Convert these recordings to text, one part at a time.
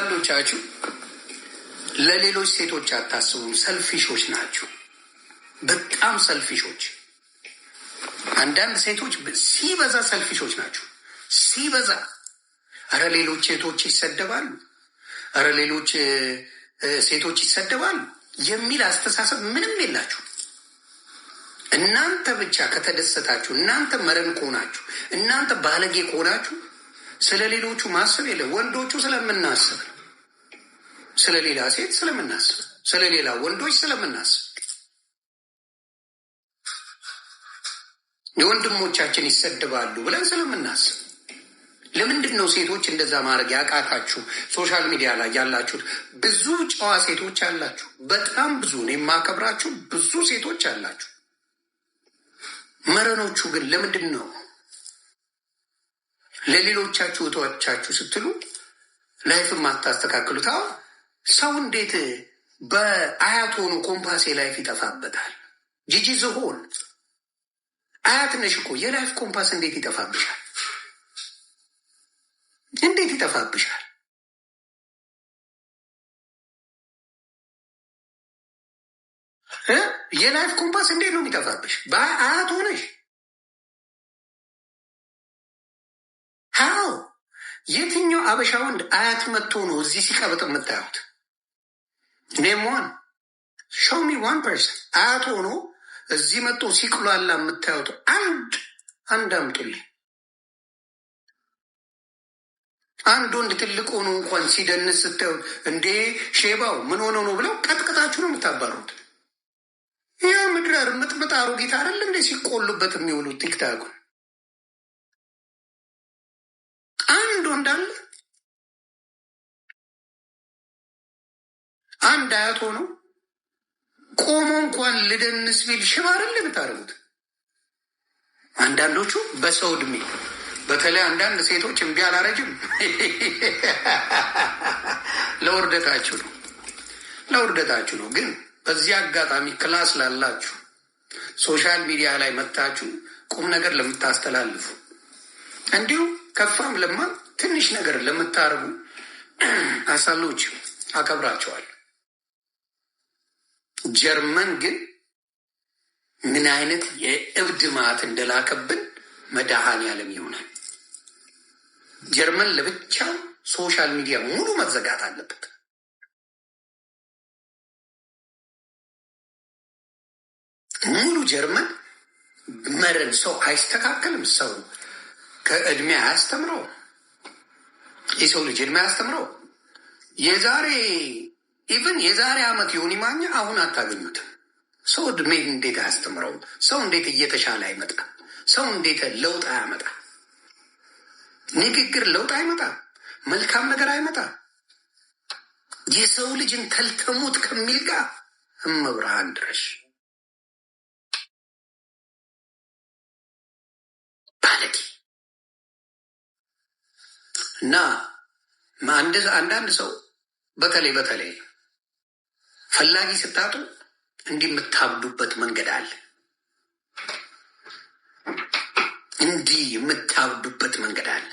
አንዳንዶቻችሁ ለሌሎች ሴቶች አታስቡም። ሰልፊሾች ናችሁ፣ በጣም ሰልፊሾች። አንዳንድ ሴቶች ሲበዛ ሰልፊሾች ናችሁ፣ ሲበዛ። እረ ሌሎች ሴቶች ይሰደባሉ፣ እረ ሌሎች ሴቶች ይሰደባሉ የሚል አስተሳሰብ ምንም የላችሁ። እናንተ ብቻ ከተደሰታችሁ፣ እናንተ መረን ከሆናችሁ፣ እናንተ ባለጌ ከሆናችሁ ስለ ሌሎቹ ማሰብ የለም። ወንዶቹ ስለምናስብ ነው። ስለ ሌላ ሴት ስለምናስብ፣ ስለ ሌላ ወንዶች ስለምናስብ የወንድሞቻችን ይሰድባሉ ብለን ስለምናስብ ለምንድን ነው ሴቶች እንደዛ ማድረግ ያቃታችሁ? ሶሻል ሚዲያ ላይ ያላችሁት ብዙ ጨዋ ሴቶች አላችሁ፣ በጣም ብዙ ነው የማከብራችሁ፣ ብዙ ሴቶች አላችሁ። መረኖቹ ግን ለምንድን ነው ለሌሎቻችሁ እህቶቻችሁ ስትሉ ላይፍም አታስተካክሉት። አሁን ሰው እንዴት በአያት ሆኖ ኮምፓሴ ላይፍ ይጠፋበታል? ጂጂ ዝሆን አያት ነሽ እኮ የላይፍ ኮምፓስ እንዴት ይጠፋብሻል? እንዴት ይጠፋብሻል? የላይፍ ኮምፓስ እንዴት ነው የሚጠፋብሽ? በአያት ሆነሽ አው! የትኛው አበሻ ወንድ አያት መጥቶ ነው እዚህ ሲቀብጥ የምታዩት? ኔም ዋን ሾው ሚ ዋን ፐርሰን አያት ሆኖ እዚህ መጥቶ ሲቅሏላ የምታዩት አንድ አንድ አምጡልኝ። አንድ ወንድ ትልቅ ሆኖ እንኳን ሲደንስ ስታዩት እንዴ ሼባው ምን ሆነው ነው ብለው ቀጥቅጣችሁ ነው የምታባሩት። ያ ምድር ምጥምጥ አሮጊት አይደል እንዴ ሲቆሉበት የሚውሉት ቲክታኩን አንድ ወንድ አለ አንድ አያት ሆኖ ቆሞ እንኳን ልደንስ ቢል ሽባርን አይደል አንዳንዶቹ በሰው እድሜ በተለይ አንዳንድ ሴቶች እምቢ አላረጅም ለውርደታችሁ ነው ለውርደታችሁ ነው። ግን በዚህ አጋጣሚ ክላስ ላላችሁ ሶሻል ሚዲያ ላይ መታችሁ ቁም ነገር ለምታስተላልፉ እንዲሁም ከፋም ለማም ትንሽ ነገር ለምታደርጉ አሳሎች አከብራቸዋል። ጀርመን ግን ምን አይነት የእብድ ማት እንደላከብን መድኃኔዓለም ይሆናል። ጀርመን ለብቻው ሶሻል ሚዲያ ሙሉ መዘጋት አለበት። ሙሉ ጀርመን መረን ሰው አይስተካከልም ሰው ከእድሜ አያስተምረው፣ የሰው ልጅ እድሜ አያስተምረው። የዛሬ ኢቨን የዛሬ ዓመት ይሁን ማኛ አሁን አታገኙትም። ሰው እድሜ እንዴት አያስተምረው? ሰው እንዴት እየተሻለ አይመጣ? ሰው እንዴት ለውጥ አያመጣ? ንግግር ለውጥ አይመጣ፣ መልካም ነገር አይመጣ። የሰው ልጅን ተልተሙት ከሚል ጋር እመብርሃን ድረሽ ባለጌ እና አንዳንድ ሰው በተለይ በተለይ ፈላጊ ስታጡ እንዲህ የምታብዱበት መንገድ አለ። እንዲህ የምታብዱበት መንገድ አለ።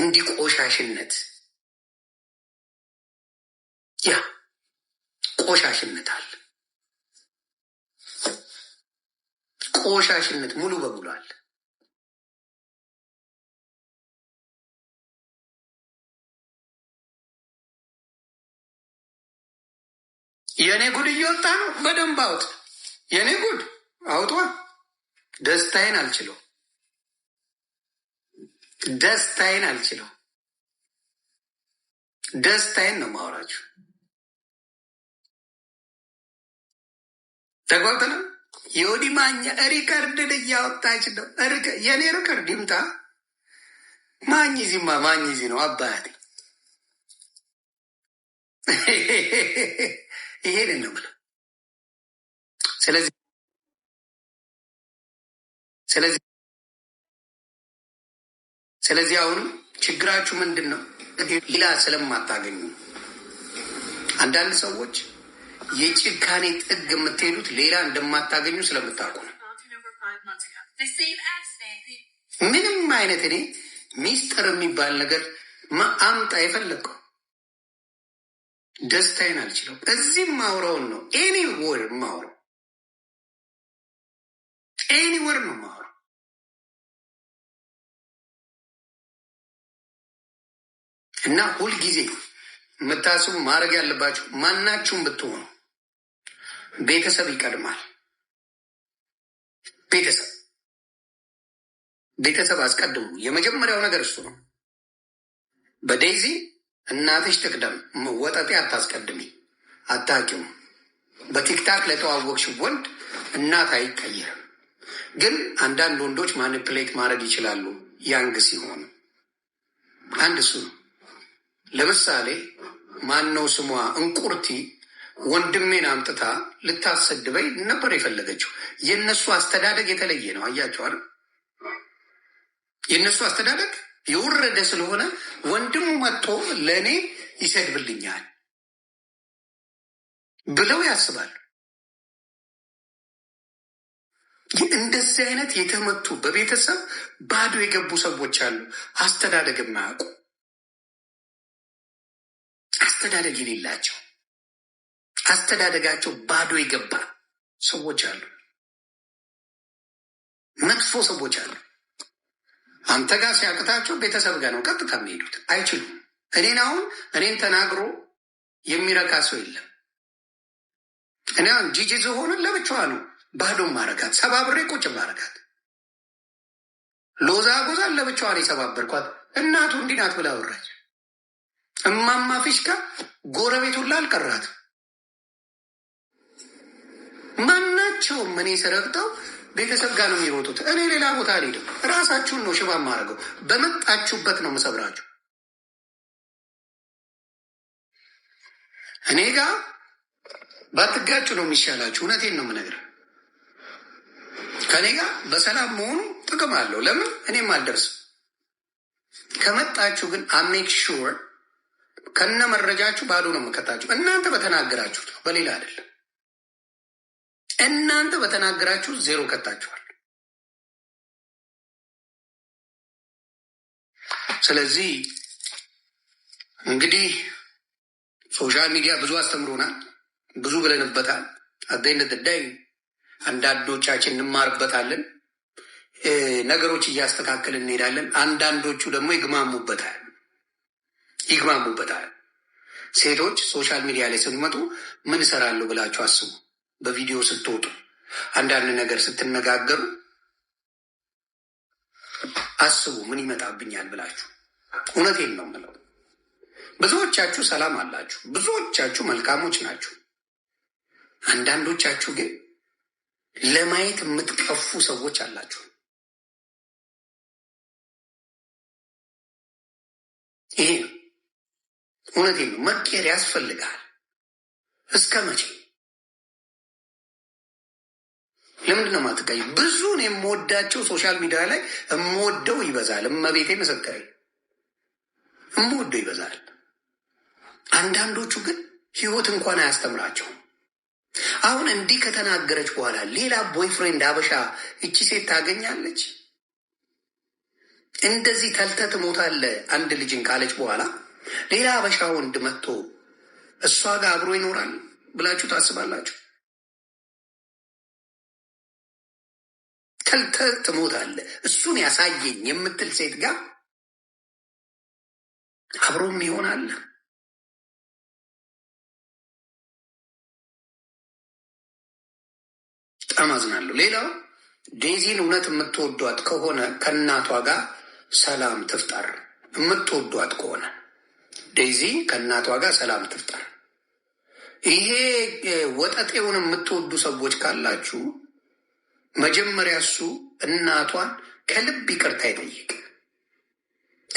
እንዲህ ቆሻሽነት ያ ቆሻሽነት አለ። ቆሻሽነት ሙሉ በሙሉ አለ። የእኔ ጉድ እየወጣ ነው። በደንብ አውጥ። የእኔ ጉድ አውጧ። ደስታዬን አልችለው፣ ደስታዬን አልችለው። ደስታዬን ነው ማውራችሁ። ተጓተለ የወዲ ማኛ ሪከርድን እያወጣች ነው። የእኔ ሪከርድ ይምጣ። ማኝ ዚማ ማኝ ዚ ነው አባያት ይሄን ነው የምልህ። ስለዚህ ስለዚህ ስለዚህ አሁን ችግራችሁ ምንድን ነው? ሌላ ስለማታገኙ አንዳንድ ሰዎች የጭካኔ ጥግ የምትሄዱት ሌላ እንደማታገኙ ስለምታውቁ ነው። ምንም አይነት እኔ ሚስጥር የሚባል ነገር አምጣ የፈለግከው ደስታዬን አልችለው። እዚህም ማውራውን ነው ኤኒ ወር ማውራው ኤኒ ወር ነው ማውራው። እና ሁልጊዜ የምታስቡ ማድረግ ያለባቸው ማናችሁም ብትሆኑ ቤተሰብ ይቀድማል። ቤተሰብ ቤተሰብ አስቀድሙ። የመጀመሪያው ነገር እሱ ነው። በዴይዚ እናትሽ ትቅደም፣ ወጠጤ አታስቀድሚ፣ አታውቂውም። በቲክታክ ለተዋወቅሽ ወንድ እናት አይቀየርም። ግን አንዳንድ ወንዶች ማኒፕሌት ማድረግ ይችላሉ። ያንግ ሲሆኑ አንድ እሱ ነው። ለምሳሌ ማን ነው ስሟ እንቁርቲ ወንድሜን አምጥታ ልታሰድበኝ ነበር የፈለገችው። የእነሱ አስተዳደግ የተለየ ነው። አያቸዋል የእነሱ አስተዳደግ የወረደ ስለሆነ ወንድሙ መጥቶ ለእኔ ይሰድብልኛል ብለው ያስባሉ። ይህ እንደዚህ አይነት የተመቱ በቤተሰብ ባዶ የገቡ ሰዎች አሉ። አስተዳደግ የማያውቁ አስተዳደግ የሌላቸው አስተዳደጋቸው ባዶ የገባ ሰዎች አሉ። መጥፎ ሰዎች አሉ። አንተ ጋር ሲያቅታቸው ቤተሰብ ጋር ነው ቀጥታ የሚሄዱት። አይችሉም። እኔን አሁን እኔን ተናግሮ የሚረካ ሰው የለም። እኔ አሁን ጂጂ ዝሆንን ለብቻዋ ነው ባዶ ማረጋት፣ ሰባብሬ ቁጭ ማረጋት። ሎዛ ጎዛን ለብቻዋ ነው የሰባበርኳት። እናቱ እንዲናት ብላ ወራች። እማማ ፊሽካ ጎረቤቱን ላልቀራት መቼውም እኔ ስረግጠው ቤተሰብ ጋር ነው የሚሮጡት። እኔ ሌላ ቦታ አልሄድም። ራሳችሁን ነው ሽባ ማድረገው። በመጣችሁበት ነው መሰብራችሁ። እኔ ጋ ባትጋጩ ነው የሚሻላችሁ። እውነቴን ነው ምነግር። ከእኔ ጋ በሰላም መሆኑ ጥቅም አለው። ለምን እኔም አልደርስም። ከመጣችሁ ግን አሜክ ሹር ከነ መረጃችሁ ባዶ ነው የምከታችሁ። እናንተ በተናገራችሁት በሌላ አይደለም። እናንተ በተናገራችሁ ዜሮ ቀጣችኋል። ስለዚህ እንግዲህ ሶሻል ሚዲያ ብዙ አስተምሮናል፣ ብዙ ብለንበታል። አደይነት ዳይ አንዳንዶቻችን እንማርበታለን፣ ነገሮች እያስተካከልን እንሄዳለን። አንዳንዶቹ ደግሞ ይግማሙበታል ይግማሙበታል። ሴቶች ሶሻል ሚዲያ ላይ ስንመጡ ምን እሰራለሁ ብላችሁ አስቡ። በቪዲዮ ስትወጡ አንዳንድ ነገር ስትነጋገሩ አስቡ፣ ምን ይመጣብኛል ብላችሁ። እውነቴን ነው የምለው። ብዙዎቻችሁ ሰላም አላችሁ፣ ብዙዎቻችሁ መልካሞች ናችሁ። አንዳንዶቻችሁ ግን ለማየት የምትቀፉ ሰዎች አላችሁ። ይሄ ነው እውነቴን ነው። መቀየር ያስፈልጋል። እስከ መቼ ለምንድን ነው የማትቀይ? ብዙን የምወዳቸው ሶሻል ሚዲያ ላይ የምወደው ይበዛል። እመቤቴ መሰከረኝ፣ የምወደው ይበዛል። አንዳንዶቹ ግን ህይወት እንኳን አያስተምራቸውም። አሁን እንዲህ ከተናገረች በኋላ ሌላ ቦይፍሬንድ አበሻ እቺ ሴት ታገኛለች? እንደዚህ ተልተ ሞታለ አንድ ልጅን ካለች በኋላ ሌላ አበሻ ወንድ መጥቶ እሷ ጋር አብሮ ይኖራል ብላችሁ ታስባላችሁ? ተልተህ ትሞታለ እሱን ያሳየኝ የምትል ሴት ጋር አብሮም ይሆናል። በጣም አዝናለሁ። ሌላው ዴዚን እውነት የምትወዷት ከሆነ ከእናቷ ጋር ሰላም ትፍጠር። የምትወዷት ከሆነ ዴዚ ከእናቷ ጋር ሰላም ትፍጠር። ይሄ ወጠጤውን የምትወዱ ሰዎች ካላችሁ መጀመሪያ እሱ እናቷን ከልብ ይቅርታ ይጠይቅ።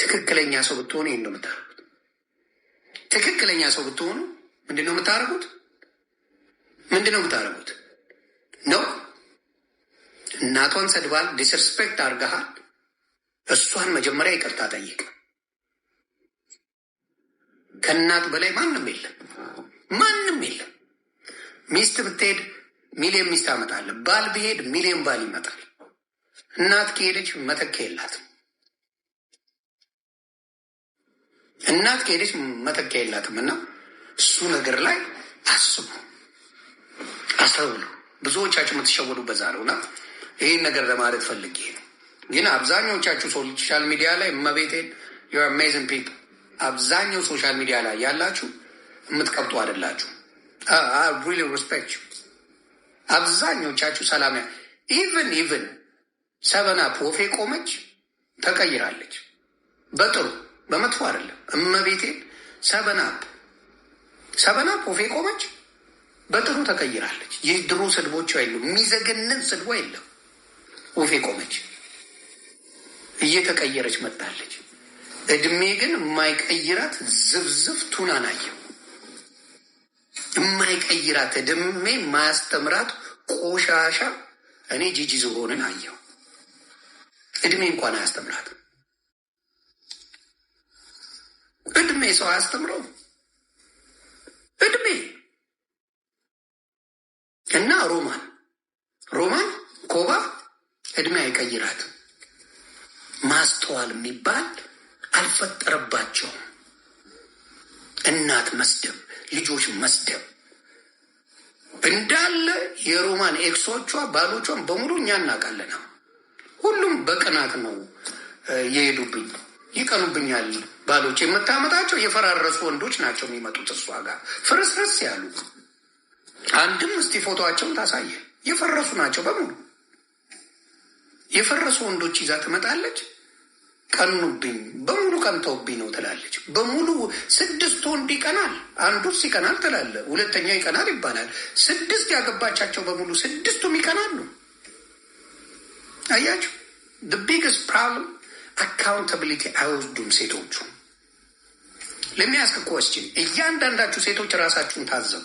ትክክለኛ ሰው ብትሆኑ ይህን ነው የምታደርጉት። ትክክለኛ ሰው ብትሆኑ ምንድን ነው የምታደርጉት? ምንድን ነው የምታደርጉት? ነው እናቷን ሰድባል፣ ዲስርስፔክት አድርገሃል። እሷን መጀመሪያ ይቅርታ ጠይቅ። ከእናት በላይ ማንም የለም፣ ማንም የለም። ሚስት ብትሄድ ሚሊየን ሚስት አመጣለ። ባል ብሄድ ሚሊየን ባል ይመጣል። እናት ከሄደች መተካ የላትም። እናት ከሄደች መተካ የላትም። እና እሱ ነገር ላይ አስቡ፣ አስተውሉ። ብዙዎቻችሁ የምትሸወዱ በዛ ነው እና ይህን ነገር ለማለት ፈልጌ ነው። ግን አብዛኛዎቻችሁ ሶሻል ሚዲያ ላይ መቤቴን ዩ አር አሜዚንግ ፒፕል አብዛኛው ሶሻል ሚዲያ ላይ ያላችሁ የምትቀብጡ አይደላችሁ። ሪሊ ሪስፔክት አብዛኞቻችሁ ሰላሚያ ኢቨን ኢቨን ሰበና ፖፌ ቆመች ተቀይራለች። በጥሩ በመጥፎ አይደለም። እመቤቴን ሰበና ሰበና ፖፌ ቆመች በጥሩ ተቀይራለች። ይህ ድሮ ስድቦቹ የሉም። የሚዘገንን ስድቦ የለም። ወፌ ቆመች እየተቀየረች መጣለች። እድሜ ግን የማይቀይራት ዝብዝብ ቱናን አየው። የማይቀይራት እድሜ ማስተምራት ቆሻሻ እኔ ጂጂ ዝሆንን አየው። እድሜ እንኳን አያስተምራት። እድሜ ሰው አያስተምረው እድሜ እና ሮማን ሮማን ኮባ እድሜ አይቀይራትም። ማስተዋል የሚባል አልፈጠረባቸውም። እናት መስደብ ልጆች መስደብ እንዳለ የሮማን ኤክሶቿ ባሎቿን በሙሉ እኛ እናውቃለን። ሁሉም በቅናት ነው የሄዱብኝ። ይቀኑብኛል ባሎች የምታመጣቸው የፈራረሱ ወንዶች ናቸው የሚመጡት። እሷ ጋር ፍርስርስ ያሉ አንድም እስቲ ፎቶቸውን ታሳየ። የፈረሱ ናቸው በሙሉ የፈረሱ ወንዶች ይዛ ትመጣለች። ቀኑብኝ በሙሉ ቀንተውብኝ ነው ትላለች። በሙሉ ስድስት ወንድ ይቀናል አንዱ ይቀናል ትላለ፣ ሁለተኛ ይቀናል ይባላል። ስድስት ያገባቻቸው በሙሉ ስድስቱም ይቀናሉ። አያቸው the biggest problem አካውንታብሊቲ አይወስዱም ሴቶቹ። ለሚያስክ ኮስችን እያንዳንዳችሁ ሴቶች ራሳችሁን ታዘቡ።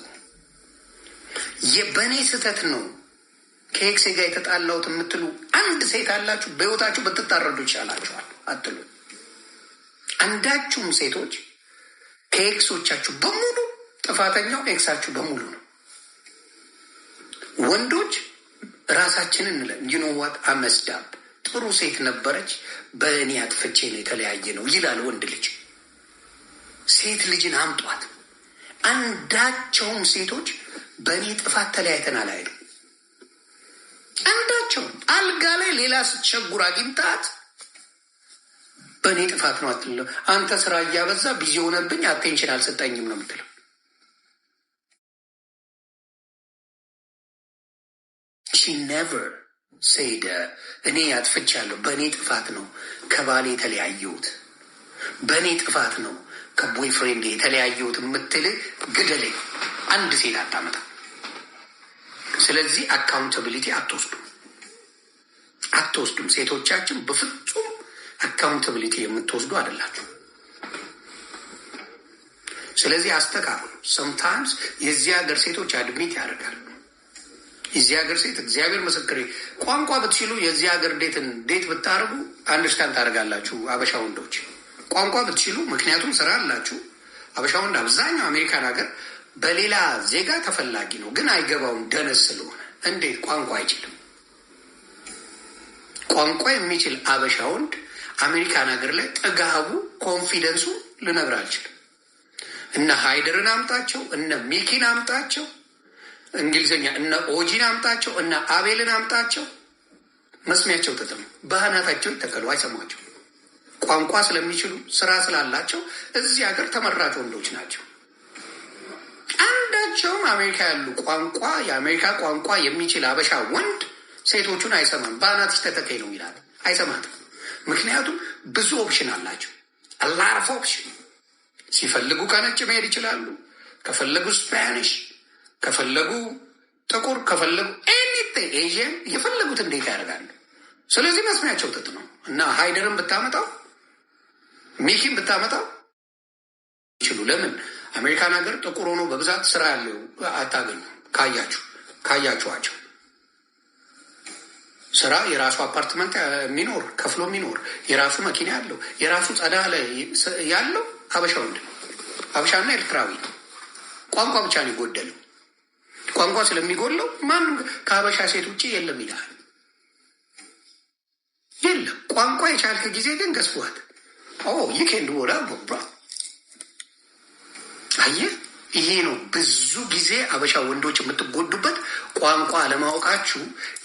የበኔ ስህተት ነው ከኤክሴ ጋር የተጣላሁት የምትሉ አንድ ሴት አላችሁ፣ በህይወታችሁ ብትታረዱ ይቻላችኋል አትሉ። አንዳችሁም ሴቶች ከኤክሶቻችሁ በሙሉ ጥፋተኛው ኤክሳችሁ በሙሉ ነው። ወንዶች ራሳችንን እንለን ዩኖዋት አመስዳብ ጥሩ ሴት ነበረች፣ በእኔ አጥፍቼ ነው የተለያየ ነው ይላል ወንድ ልጅ። ሴት ልጅን አምጧት። አንዳቸውም ሴቶች በእኔ ጥፋት ተለያይተናል አይሉ አንዳቸው አልጋ ላይ ሌላ ስትቸጉር አግኝታት በእኔ ጥፋት ነው አትለው። አንተ ስራ እያበዛ ቢዚ ሆነብኝ አቴንሽን አልሰጠኝም ነው የምትለው። ኔቨር ሴደ እኔ አጥፍቻለሁ፣ በእኔ ጥፋት ነው ከባሌ የተለያየሁት፣ በእኔ ጥፋት ነው ከቦይፍሬንድ የተለያየሁት የምትል ግደሌ አንድ ሴት አታመጣም። ስለዚህ አካውንታብሊቲ አትወስዱም አትወስዱም። ሴቶቻችን በፍጹም አካውንታብሊቲ የምትወስዱ አደላችሁ ስለዚህ አስተካክሉ። ሰምታይምስ የዚህ ሀገር ሴቶች አድሚት ያደርጋል። የዚህ ሀገር ሴት እግዚአብሔር ምስክር ቋንቋ ብትችሉ የዚህ ሀገር እንዴት ዴት ብታደርጉ አንደርስታንድ ታደርጋላችሁ። አበሻ ወንዶች ቋንቋ ብትችሉ፣ ምክንያቱም ስራ አላችሁ። አበሻ ወንድ አብዛኛው አሜሪካን ሀገር በሌላ ዜጋ ተፈላጊ ነው፣ ግን አይገባውም። ደነስ ስለሆነ እንዴት ቋንቋ አይችልም? ቋንቋ የሚችል አበሻ ወንድ አሜሪካን ሀገር ላይ ጥጋቡ፣ ኮንፊደንሱ ልነግር አልችልም። እነ ሃይደርን አምጣቸው፣ እነ ሚኪን አምጣቸው፣ እንግሊዝኛ እነ ኦጂን አምጣቸው፣ እነ አቤልን አምጣቸው። መስሚያቸው ተጠሙ፣ ባህናታቸው ይተከሉ፣ አይሰማቸው። ቋንቋ ስለሚችሉ ስራ ስላላቸው እዚህ ሀገር ተመራጭ ወንዶች ናቸው። አንዳቸውም አሜሪካ ያሉ ቋንቋ የአሜሪካ ቋንቋ የሚችል አበሻ ወንድ ሴቶቹን አይሰማም። በአናትሽ ተተከይ ነው ይላል። አይሰማት። ምክንያቱም ብዙ ኦፕሽን አላቸው። አላርፍ ኦፕሽን ሲፈልጉ ከነጭ መሄድ ይችላሉ። ከፈለጉ ስፓኒሽ፣ ከፈለጉ ጥቁር፣ ከፈለጉ ኤኒቴ ኤዥን፣ የፈለጉት እንዴት ያደርጋሉ። ስለዚህ መስሚያቸው ጥጥ ነው እና ሃይደርን ብታመጣው ሚኪን ብታመጣው ይችሉ ለምን አሜሪካን ሀገር ጥቁር ሆኖ በብዛት ስራ ያለው አታገኙ። ካያችሁ ካያችኋቸው ስራ የራሱ አፓርትመንት የሚኖር ከፍሎ የሚኖር የራሱ መኪና ያለው የራሱ ጸዳ ላይ ያለው ሀበሻ ወንድ ነው። አበሻና ኤርትራዊ ነው። ቋንቋ ብቻ ነው የጎደለው። ቋንቋ ስለሚጎለው ማንም ከሀበሻ ሴት ውጭ የለም ይልሃል። የለም ቋንቋ የቻልክ ጊዜ ግን ገስፏት ይህ ከንድ ወዳ አየህ ይሄ ነው ብዙ ጊዜ አበሻ ወንዶች የምትጎዱበት ቋንቋ አለማወቃችሁ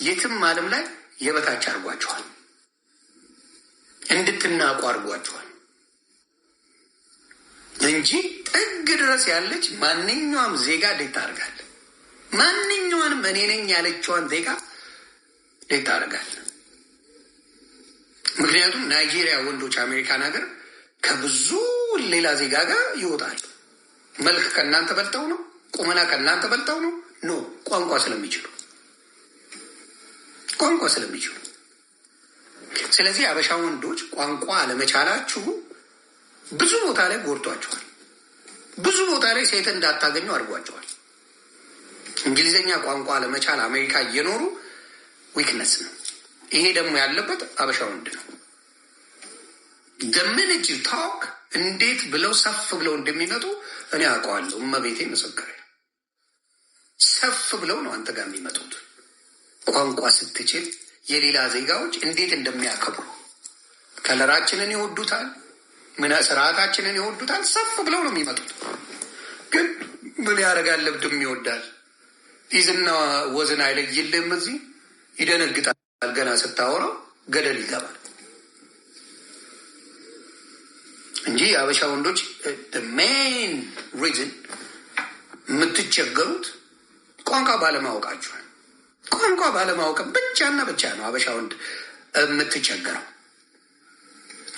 የትም ዓለም ላይ የበታች አድርጓችኋል፣ እንድትናቁ አድርጓችኋል እንጂ ጥግ ድረስ ያለች ማንኛውም ዜጋ ዴት ታደርጋለህ? ማንኛውንም እኔ ነኝ ያለችዋን ዜጋ ዴት አርጋል ምክንያቱም ናይጄሪያ ወንዶች አሜሪካን ሀገር ከብዙ ሌላ ዜጋ ጋር ይወጣል። መልክ ከእናንተ በልጠው ነው? ቁመና ከእናንተ በልጠው ነው? ኖ ቋንቋ ስለሚችሉ ቋንቋ ስለሚችሉ። ስለዚህ አበሻ ወንዶች ቋንቋ አለመቻላችሁ ብዙ ቦታ ላይ ጎድቷቸዋል። ብዙ ቦታ ላይ ሴት እንዳታገኙ አድርጓቸዋል። እንግሊዝኛ ቋንቋ አለመቻል አሜሪካ እየኖሩ ዊክነስ ነው። ይሄ ደግሞ ያለበት አበሻ ወንድ ነው። ደምንጅ ታክ እንዴት ብለው ሰፍ ብለው እንደሚመጡ እኔ አውቀዋለሁ። እመቤቴ መሰከረ ሰፍ ብለው ነው አንተ ጋር የሚመጡት። ቋንቋ ስትችል የሌላ ዜጋዎች እንዴት እንደሚያከብሩ ከለራችንን ይወዱታል፣ ምን ስርዓታችንን ይወዱታል። ሰፍ ብለው ነው የሚመጡት። ግን ምን ያደርጋል? ልብድም ይወዳል። ይዝና ወዝን አይለይልም። እዚህ ይደነግጣል። ገና ስታወራው ገደል ይገባል። እንጂ የአበሻ ወንዶች ሜን uh, ሪዝን የምትቸገሩት ቋንቋ ባለማወቃችሁ፣ ቋንቋ ባለማወቅ ብቻና ብቻ ነው አበሻ ወንድ uh, የምትቸገረው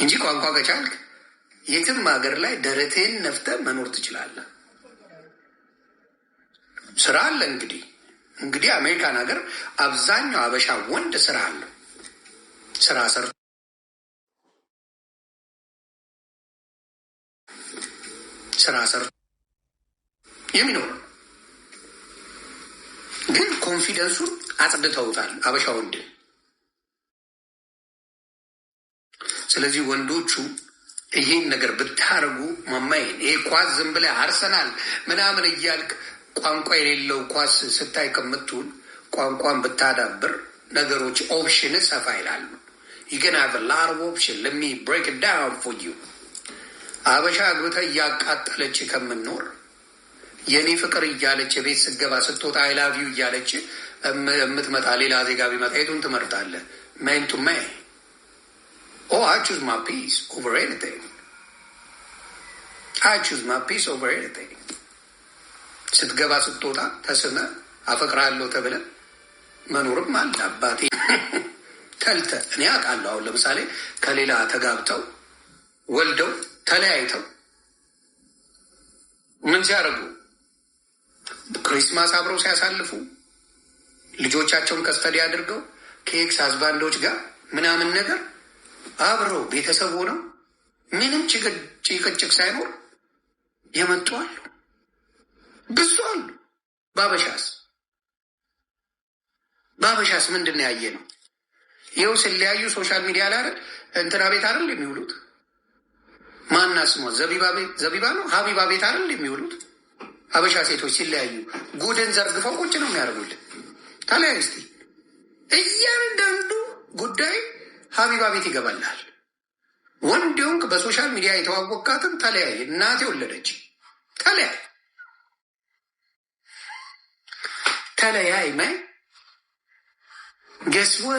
እንጂ ቋንቋ ከቻልክ የትም ሀገር ላይ ደረቴን ነፍተ መኖር ትችላለህ። ስራ አለ። እንግዲህ እንግዲህ አሜሪካን ሀገር አብዛኛው አበሻ ወንድ ስራ አለ። ስራ ሰርቶ ስራ ሰርቶ የሚኖር ግን ኮንፊደንሱን አጽድተውታል አበሻ ወንድ። ስለዚህ ወንዶቹ ይህን ነገር ብታርጉ ማማይን ይሄ ኳስ ዝም ብለህ አርሰናል ምናምን እያልክ ቋንቋ የሌለው ኳስ ስታይ ከምትውል ቋንቋን ብታዳብር ነገሮች ኦፕሽን ሰፋ ይላሉ። ዩ ን ሃቭ ላር ኦፕሽን ለሚ ብሬክ ዳውን ፎር ዩ አበሻ አግብታ እያቃጠለች ከምኖር የእኔ ፍቅር እያለች የቤት ስገባ ስትወጣ አይላቪው እያለች የምትመጣ ሌላ ዜጋ ቢመጣ የቱን ትመርጣለህ? ሜን ቱ ሜን ኦ አይ ማ ፒስ ኦቨር ኤኒቲንግ አይ ማ ፒስ ኦቨር ኤኒቲንግ። ስትገባ ስትወጣ ተስመ አፈቅራለሁ ተብለ መኖርም አለ አባቴ ተልተ እኔ አውቃለሁ። አሁን ለምሳሌ ከሌላ ተጋብተው ወልደው ተለያይተው ምን ሲያደርጉ ክሪስማስ አብረው ሲያሳልፉ ልጆቻቸውን ከስተዲ አድርገው ከኤክስ አዝባንዶች ጋር ምናምን ነገር አብረው ቤተሰቡ ነው ምንም ጭቅጭቅ ሳይኖር የመጡ አሉ፣ ብዙ አሉ። ባበሻስ ባበሻስ ምንድን ነው ያየ ነው? ይኸው ስለያዩ ሶሻል ሚዲያ ላይ እንትና ቤት አይደል የሚውሉት ማና ስሞ ዘቢባ ነው ሀቢባ ቤት አይደል የሚውሉት? ሀበሻ ሴቶች ሲለያዩ ጉድን ዘርግፈው ቁጭ ነው የሚያደርጉልን። ታላይ እስቲ እያንዳንዱ ጉዳይ ሀቢባ ቤት ይገባልሃል። ወንድ ሆንክ በሶሻል ሚዲያ የተዋወቃትን ተለያየ፣ እናቴ ወለደች፣ ተለያይ ተለያይ ማይ ገስወ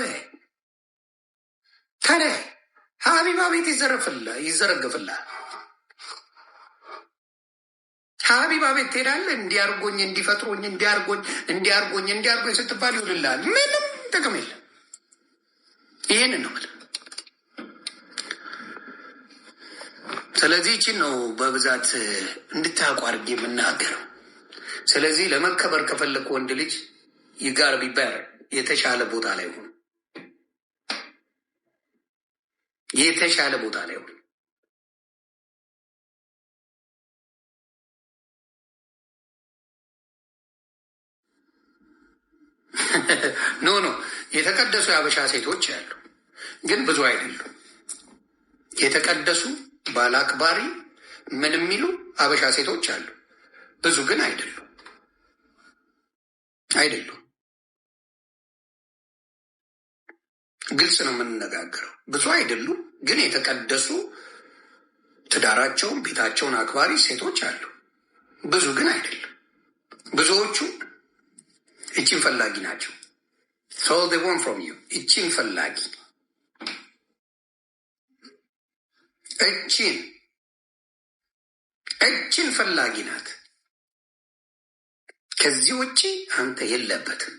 ተለያይ ሀቢባ ቤት ይዘረግፍላል። ሀቢባ ቤት ትሄዳለህ። እንዲያርጎኝ እንዲፈጥሮኝ እንዲያርጎኝ እንዲያርጎኝ እንዲያርጎኝ ስትባል ይውልልሃል። ምንም ጥቅም የለም። ይህን ነው ስለዚህ ይችን ነው በብዛት እንድታውቁ አድርጌ የምናገረው። ስለዚህ ለመከበር ከፈለግ ወንድ ልጅ ይጋር ቢበር የተሻለ ቦታ ላይ ሆኑ የተሻለ ቦታ ላይ ሆነ። ኖ ኖ የተቀደሱ የአበሻ ሴቶች ያሉ ግን ብዙ አይደሉም። የተቀደሱ ባላክባሪ ምን የሚሉ አበሻ ሴቶች አሉ፣ ብዙ ግን አይደሉም አይደሉም። ግልጽ ነው የምንነጋገረው። ብዙ አይደሉም፣ ግን የተቀደሱ ትዳራቸውን ቤታቸውን አክባሪ ሴቶች አሉ። ብዙ ግን አይደሉም። ብዙዎቹ እቺን ፈላጊ ናቸው። ሰው ፍሮም ዩ እቺን ፈላጊ እቺን እቺን ፈላጊ ናት። ከዚህ ውጪ አንተ የለበትም።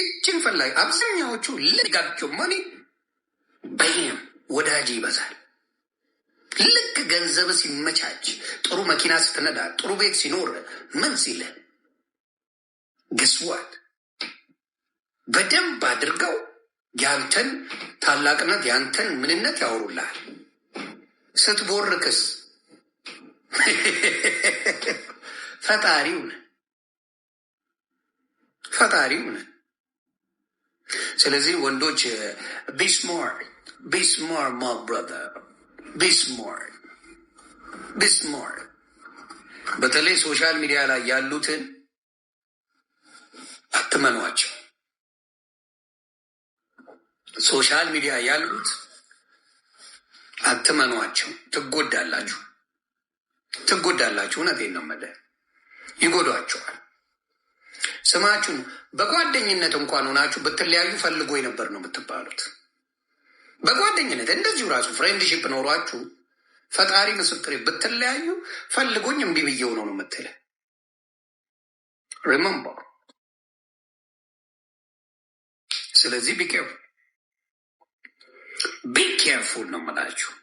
እችን ፈላጊ አብዛኛዎቹ ለጋቸው መኒ በይም ወዳጅ ይበዛል። ልክ ገንዘብ ሲመቻች፣ ጥሩ መኪና ስትነዳ፣ ጥሩ ቤት ሲኖር ምን ሲለ ግስዋት በደንብ አድርገው ያንተን ታላቅነት ያንተን ምንነት ያወሩላል ስትቦርክስ ፈጣሪውን ፈጣሪው ነን። ስለዚህ ወንዶች ቢስሞር ቢስሞር ማ ቢስሞር ቢስሞር በተለይ ሶሻል ሚዲያ ላይ ያሉትን አትመኗቸው። ሶሻል ሚዲያ ያሉት አትመኗቸው። ትጎዳላችሁ፣ ትጎዳላችሁ። እውነቴን ነው የምልህ፣ ስማችሁን በጓደኝነት እንኳን ሆናችሁ ብትለያዩ ፈልጎ የነበር ነው የምትባሉት። በጓደኝነት እንደዚሁ ራሱ ፍሬንድሽፕ ኖሯችሁ ፈጣሪ ምስክሬ ብትለያዩ ፈልጎኝ እምቢ ብዬው ነው ነው የምትል ሪመምበር። ስለዚህ ቢኬርፉል ቢኬርፉል ነው የምላችሁ።